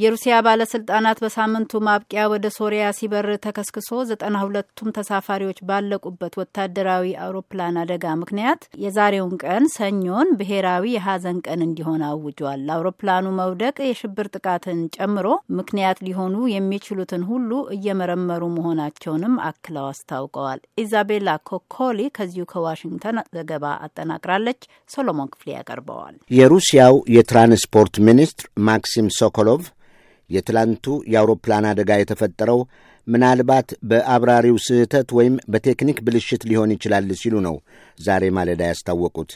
የሩሲያ ባለስልጣናት በሳምንቱ ማብቂያ ወደ ሶሪያ ሲበር ተከስክሶ ዘጠና ሁለቱም ተሳፋሪዎች ባለቁበት ወታደራዊ አውሮፕላን አደጋ ምክንያት የዛሬውን ቀን ሰኞን ብሔራዊ የሀዘን ቀን እንዲሆን አውጇል። ለአውሮፕላኑ መውደቅ የሽብር ጥቃትን ጨምሮ ምክንያት ሊሆኑ የሚችሉትን ሁሉ እየመረመሩ መሆናቸውንም አክለው አስታውቀዋል። ኢዛቤላ ኮኮሊ ከዚሁ ከዋሽንግተን ዘገባ አጠናቅራለች። ሶሎሞን ክፍሌ ያቀርበዋል። የሩሲያው የትራንስፖርት ሚኒስትር ማክሲም ሶኮሎቭ የትላንቱ የአውሮፕላን አደጋ የተፈጠረው ምናልባት በአብራሪው ስህተት ወይም በቴክኒክ ብልሽት ሊሆን ይችላል ሲሉ ነው ዛሬ ማለዳ ያስታወቁት።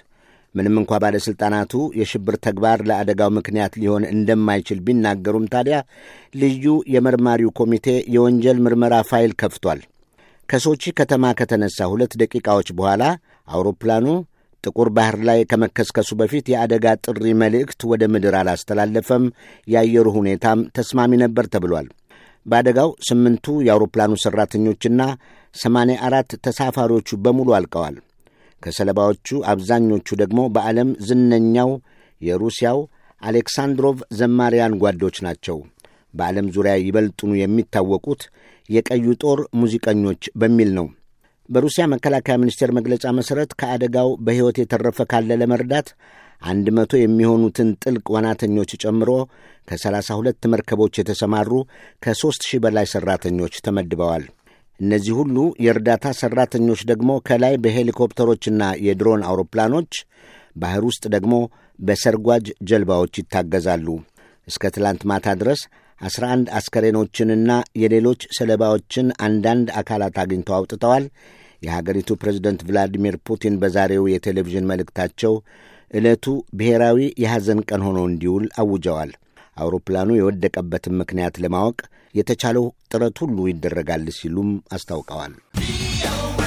ምንም እንኳ ባለሥልጣናቱ የሽብር ተግባር ለአደጋው ምክንያት ሊሆን እንደማይችል ቢናገሩም ታዲያ ልዩ የመርማሪው ኮሚቴ የወንጀል ምርመራ ፋይል ከፍቷል። ከሶቺ ከተማ ከተነሳ ሁለት ደቂቃዎች በኋላ አውሮፕላኑ ጥቁር ባህር ላይ ከመከስከሱ በፊት የአደጋ ጥሪ መልእክት ወደ ምድር አላስተላለፈም። የአየሩ ሁኔታም ተስማሚ ነበር ተብሏል። በአደጋው ስምንቱ የአውሮፕላኑ ሠራተኞችና ሰማንያ አራት ተሳፋሪዎቹ በሙሉ አልቀዋል። ከሰለባዎቹ አብዛኞቹ ደግሞ በዓለም ዝነኛው የሩሲያው አሌክሳንድሮቭ ዘማሪያን ጓዶች ናቸው። በዓለም ዙሪያ ይበልጡኑ የሚታወቁት የቀዩ ጦር ሙዚቀኞች በሚል ነው። በሩሲያ መከላከያ ሚኒስቴር መግለጫ መሠረት ከአደጋው በሕይወት የተረፈ ካለ ለመርዳት አንድ መቶ የሚሆኑትን ጥልቅ ዋናተኞች ጨምሮ ከ32 መርከቦች የተሰማሩ ከ ሺህ በላይ ሠራተኞች ተመድበዋል። እነዚህ ሁሉ የእርዳታ ሠራተኞች ደግሞ ከላይ በሄሊኮፕተሮችና የድሮን አውሮፕላኖች፣ ባሕር ውስጥ ደግሞ በሰርጓጅ ጀልባዎች ይታገዛሉ። እስከ ትላንት ማታ ድረስ አስራ አንድ አስከሬኖችንና የሌሎች ሰለባዎችን አንዳንድ አካላት አግኝተው አውጥተዋል። የሀገሪቱ ፕሬዝደንት ቭላዲሚር ፑቲን በዛሬው የቴሌቪዥን መልእክታቸው ዕለቱ ብሔራዊ የሐዘን ቀን ሆኖ እንዲውል አውጀዋል። አውሮፕላኑ የወደቀበትን ምክንያት ለማወቅ የተቻለው ጥረት ሁሉ ይደረጋል ሲሉም አስታውቀዋል።